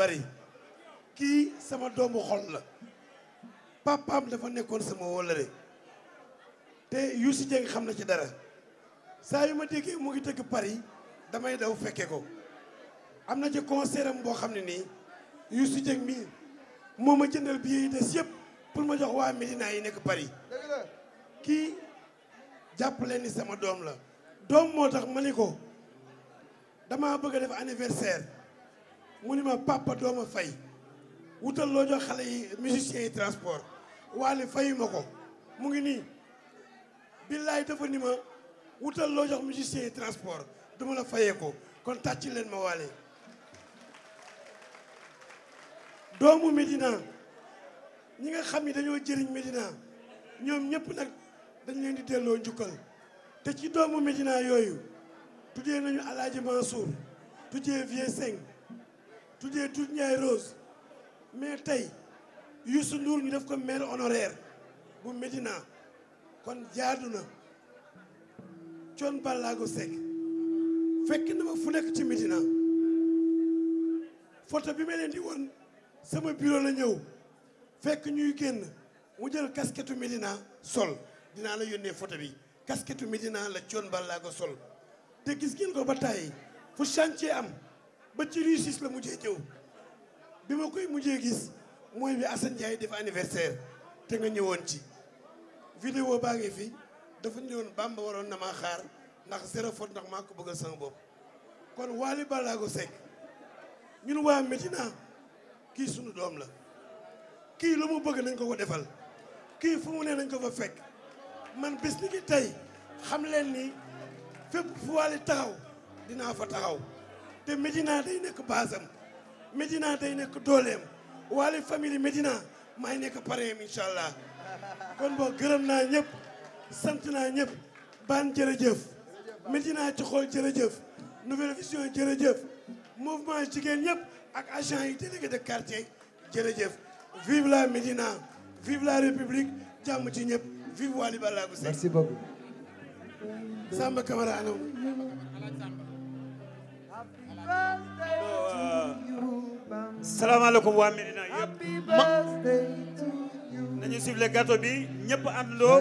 bari kii sama doomu xol la papaam dafa nekkoon sama wóllare te Youssou Dieng xam na ci dara saa yu ma déggee mu ngi tëgg Paris damay daw fekke ko am na ci concert boo xam ne nii Youssou Dieng mii moo ma jëndal billet des yëpp pour ma jox waa Médina yi nekk Paris kii jàpp leen ni sama doom la doom moo tax ma ni ko damaa bëgg a def anniversaire mu ni ma papa dooma fay wutal loo jox xale yi musiciens yi transport waale fayu ko mu ngi nii billaay dafa ni ma wutal loo jox musiciens yi transport duma la fayee ko kon tàcc leen ma waale doomu Médina ñi nga xam ni dañoo jëriñ Médina ñoom ñëpp nag dañ leen di delloo njukkal te ci doomu Médina yooyu tuddee nañu Alaaji Mansour tuddee Vieux Seng tuddee Doudou Ndiaye Rose mais tey Youssou Ndour ñu def ko maire honoraire bu Médina kon jaadu na Thione Ballago Seck fekk na ma fu nekk ci Médina photo bi ma leen di woon sama bureau la ñëw fekk ñuy génn mu jël casquette Médina sol dinaa la yónnee foto bi casquette Médina la Thione Ballago sol te gis ngeen ko ba tàyyi fu chantier am ba ci réussite la mujjee jëw bi ma koy mujjee gis mooy bi Assane Ndiaye def anniversaire te nga ñëwoon ci vidéo baa ngi fi dafa ñëwoon Bamba waroon na maa xaar ndax zéro faute ndax maa ko bëggal sama bopp kon Wally Ballago Seck ñun waa Médina kii sunu doom la kii lu mu bëgg nañ ko ko defal kii fu mu ne nañ ko fa fekk man bis ni ki tey xam leen ni fépp fu Wally taxaw dinaa fa taxaw te Médina day nekk baasam Médina day nekk dooleem waale famille Médina maay nekk pareem incha allah kon boo gërëm na ñëpp sant naa ñëpp baan jërëjëf Médina ci xool jërëjëf Nouvelle Vision jërëjëf mouvement jigéen ñëpp ak agent yi délégué de quartier jërëjëf vive la Médina vive la République jàmm ci ñëpp vive Wally Ballago Seck merci salaamaaleykum waa Medina yëpp nañu sifle gâteau bi ñëpp àndandoo